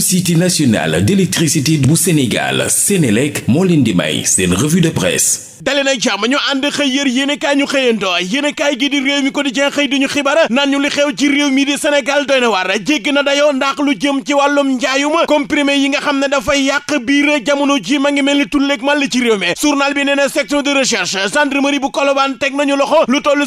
société nationale d'électricité bu Sénégal Sénélec moo leen di may seen revue de presse dale na ñu ànd xëy yër yéenekaay ñu xëyandoo yéenekaay gi di réew mi quotidien xëy duñu xibaar naan ñu li xew ci réew mi di Sénégal doy na waar jégg na dayoo ndax lu jëm ci wàllum njaayuma comprimé yi nga xam ne dafay yàq biir jamono ji ma ngi mel ni tulleeg man li ci réew mi journal bi nee na de recherche gendarmerie bu Colobane teg nañu loxo lu toll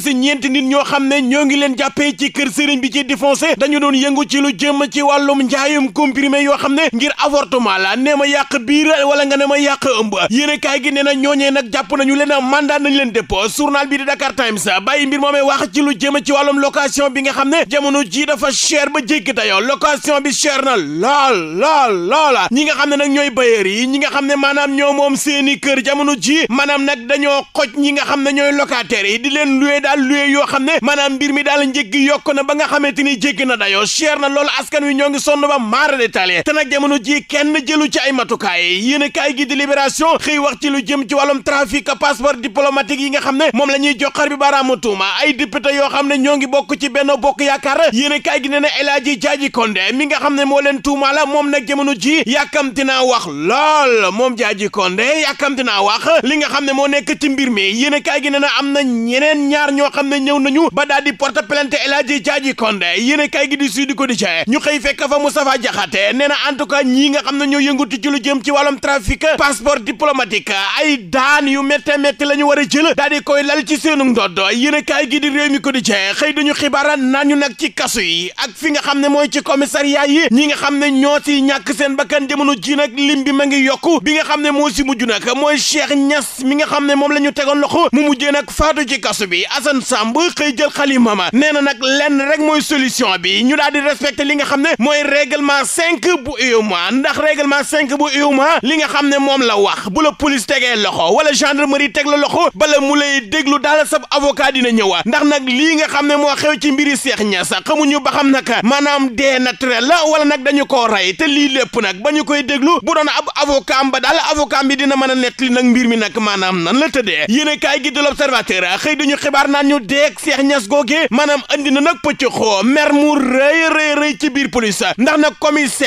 infirmier yoo xam ne ngir avortement la nee ma yàq biir nga ne ma yàq ëmb yéene kaay gi nee na ñooñee nag jàpp nañu leen mandat nañu leen dépôt journal bi di Dakar Times bàyyi mbir moomee wax ci lu jëm ci wàllum location bi nga xam ne jamono ji dafa cher ba jéggi dayoo location bi cher na lool lool loola ñi nga xam ne nag ñooy bailleur yi ñi nga xam ne maanaam ñoo moom seeni kër jamono ji maanaam nag dañoo xoj ñi nga xam ne ñooy locataires yi di leen luwe daal luwe yoo xam ne maanaam mbir mi daal njëggi yokk na ba nga xamante ni jéggi na dayoo cher na loolu askan wi ñoo ngi sonn ba maarade Italie te nag jamono jii kenn jëlu ci ay matukaay yéen a kaay gi di libération xëy wax ci lu jëm ci wàllum trafic passeport diplomatique yi nga xam ne moom la ñuy joxar bi baaraamu tuuma ay député yoo xam ne ñoo ngi bokk ci benn bokk yaakaar yéen a kaay gi nee na El Hadji Diadji Condé mi nga xam ne moo leen tuuma la moom nag jamono ji yàkkamti naa wax lool moom kon Diadji Condé yàkkamti na wax li nga xam ne moo nekk ci mbir mi yéen a kaay gi nee na am na ñeneen ñaar ñoo xam ne ñëw nañu ba daal di porte plainte El Hadji Diadji Condé yéen a gi di Sud Quotidien ñu xëy fekk fa Moustapha Diakhaté Eh, nee na en tout cas ñii nga xam ne ñoo yëngatu ci lu jëm ci wàllum trafic passeport diplomatique ay daan yu métte métti la ñu war a jël daal koy lal ci seenu ndodd yéen a kaay gi di réew mi ko di cee xëy dañu xibaara nañu nag ci kasu yi ak fi nga xam ne mooy ci commissariat yi ñi nga xam ne ñoo ci ñàkk seen bakkan jamono ji nag lim bi ma ngi yokku bi nga xam ne moo si mujj nag mooy Cheikh Niass mi nga xam ne moom la ñu tegoon loxo mu mujjee nag faatu ci kasu bi Assane Samb xëy jël xalima ma nee na nag lenn rek mooy solution bi ñu daal di respecté li nga xam ne mooy règlement cinq cinq bu UEMOA ndax règlement cinq bu UEMOA li nga xam ne moom la wax bu la police tegee loxo wala gendarmerie teg la loxo la mu lay déglu daal sab avocat dina ñëwaat ndax nag lii nga xam ne moo xew ci mbiri Cheikh Niass xamuñu ba xam nag maanaam dee naturel la wala nag dañu koo rey te lii lépp nag ba ñu koy déglu bu doon ab avocat ba daal avocat bi dina mën a li nag mbir mi nag maanaam nan la tëddee yéen a kaay gi de l'observateur xëy dañu xibaar naan ñu deeg Cheikh Niass googee maanaam andi na nag pëcc xoo mer mu rëy rëy rëy ci biir police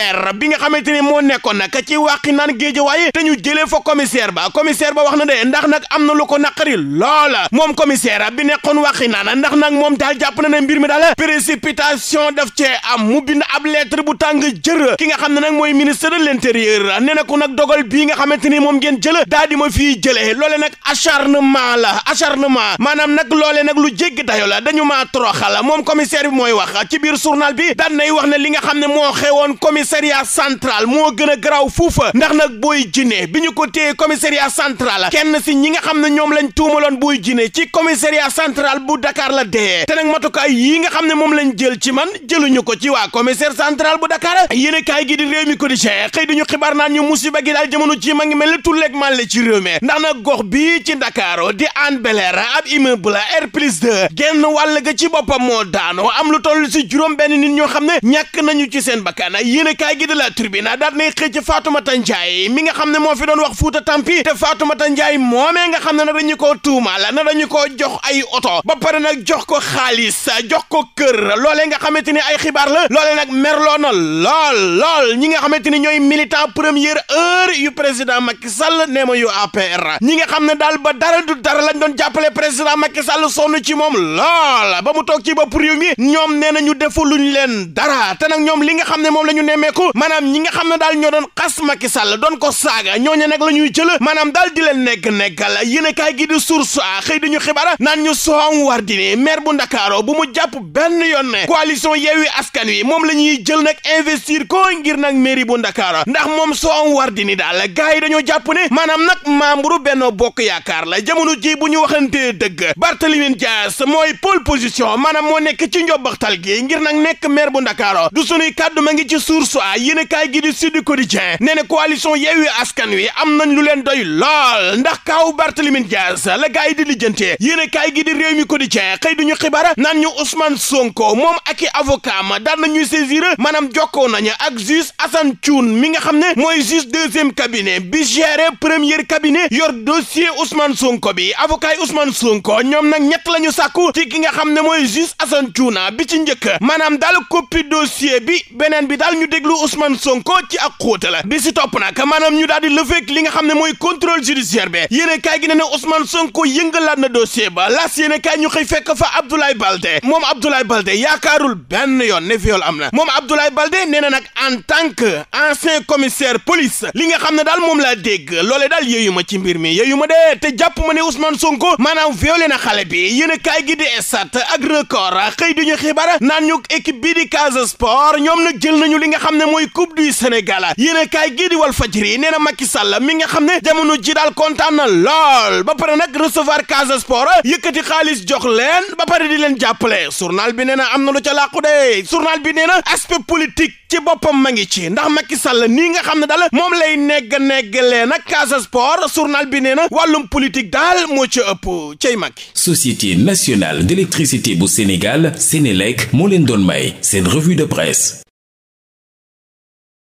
commissaire bi nga xamante ni moo nekkoon nag ci wàqi naan géejawaay te ñu jëlee fa commissaire ba commissaire ba wax na de ndax nag am na lu ko naqari loola moom commissaire bi nekkoon wàqi naan ndax nag moom daal jàpp ne mbir mi daal précipitation daf cee am mu bind ab lettre bu tàng jër ki nga xam ne nag mooy ministre de l'intérieur nee na ko nag dogal bii nga xamante ni moom ngeen jël daal ma fii jëlee loole nag acharnement la acharnement maanaam la a maa toroxal moom commissaire bi mooy wax ci biir journal bi ne li nga xam ne moo commissariat central moo gën a garaaw fuufa ndax nag booy jinne bi ñu ko téye commissariat central kenn si ñi nga xam ne ñoom lañ tuumaloon booy jinee ci commissariat central bu dakaar la dee te nag matukaay yii nga xam ne moom lañ jël ci man jëluñu ko ci waa commissaire central bu dakaar yéen a kaay gi di réew mi ko di jeex xëy duñu xibaar naan ñu musiba gi daal jamono ci ma ngi mel ni tulleeg màlle ci réew mi ndax nag gox bii ci Dakar di Hann Bel-Air ab immeuble R plus genn wàll ci boppam moo daanoo am lu toll si juróom benn nit ñoo xam ne ñàkk nañu ci seen bakkan yéen kaay gi de la Tribune daat nay xëy ci Fatoumata Ndiaye mi nga xam ne moo fi doon wax Fouta Tampi te Fatoumata Ndiaye moomee nga xam ne na dañu koo tuumaal na dañu koo jox ay oto ba pare nag jox ko xaalis jox ko kër loolee nga xamante ni ay xibaar la loolee nag merloo na lool lool ñi nga xamante ni ñooy militant première heure yu président Macky Sall nee ma yu APR ñi nga xam ne daal ba dara du dara lañ doon jàppale président Macky Sall sonn ci moom lool ba mu toog ci bopp réew mi ñoom nee na nemmeeku maanaam ñi nga xam ne daal ñoo doon xas Macky Sall doon ko saaga ñooñu nag la ñuy jël maanaam daal di leen nekk nekkal yéen kaay gi di source a xëy dañu xibaar naan ñu soxam war dini maire bu Ndakaaro bu mu jàpp benn yoon ne coalition Yewwi Askan Wi moom la ñuy jël nag investir ko ngir nag mairie bu Ndakaaro ndax moom soxam war dini daal gars yi dañoo jàpp ne maanaam nag membre benn Bokk Yaakaar la jamono ji bu ñu waxantee dëgg Barthélémy Dias mooy pole position maanaam moo nekk ci njobbaxtal gi ngir nag nekk maire bu Ndakaaro a yéen kaay gi di Sud Quotidien nee na coalition Yewwi Askan Wi am nañ lu leen doy lool ndax kaaw Barthélémy Dias la gars yi di lijjantee yéen kaay gi di Rewmi Quotidien xëy duñu xibaar naan ñu Ousmane Sonko moom ak i avocat ma daan nañuy saisir maanaam jokkoo nañu ak juge Assane Thioune mi nga xam ne mooy juge deuxième cabinet bi géré premier cabinet yor dossier Ousmane Sonko bi avocat yi Ousmane Sonko ñoom nag ñett la ñu sàkku ci ki nga xam ne mooy juge Assane Thioune bi ci njëkk maanaam daal copie dossier bi beneen bi daal ñu déglu jublu Ousmane Sonko ci ak xóota la bi si topp nag ñu daal lëfeek li nga xam ne mooy contrôle judiciaire bi yéen kaay gi ne ne Ousmane Sonko yëngalaat na dossier ba laas yéen kaay ñu xëy fekk fa Abdoulaye Balde moom Abdoulaye Balde yaakaarul benn yoon ne viol am na moom Abdoulaye Balde nee na nag en tant que ancien commissaire xam ne daal moom laa dégg loolee daal yéeyu ma ci mi yéeyu ma de te jàpp ma ne Ousmane Sonko maanaam violé na xale bi yéen xam ne mooy coupe du Sénégal yéen a kaay gii nee na Macky salla mi nga xam ne jamono ji daal kontaan na lool ba pare nag recevoir Casa Sport yëkkati xaalis jox leen ba pare di leen jàppale journal bi nee na am na lu ca làqu de journal bi nee na aspect politique ci boppam ma ngi ci ndax Macky salla nii nga xam ne daal moom lay negg neggalee nag Casa Sport journal bi nee na wàllum politique daal moo ci ëpp cay Macky. Société nationale d'électricité bu Sénégal Sénélec moo leen doon may seen revue de presse.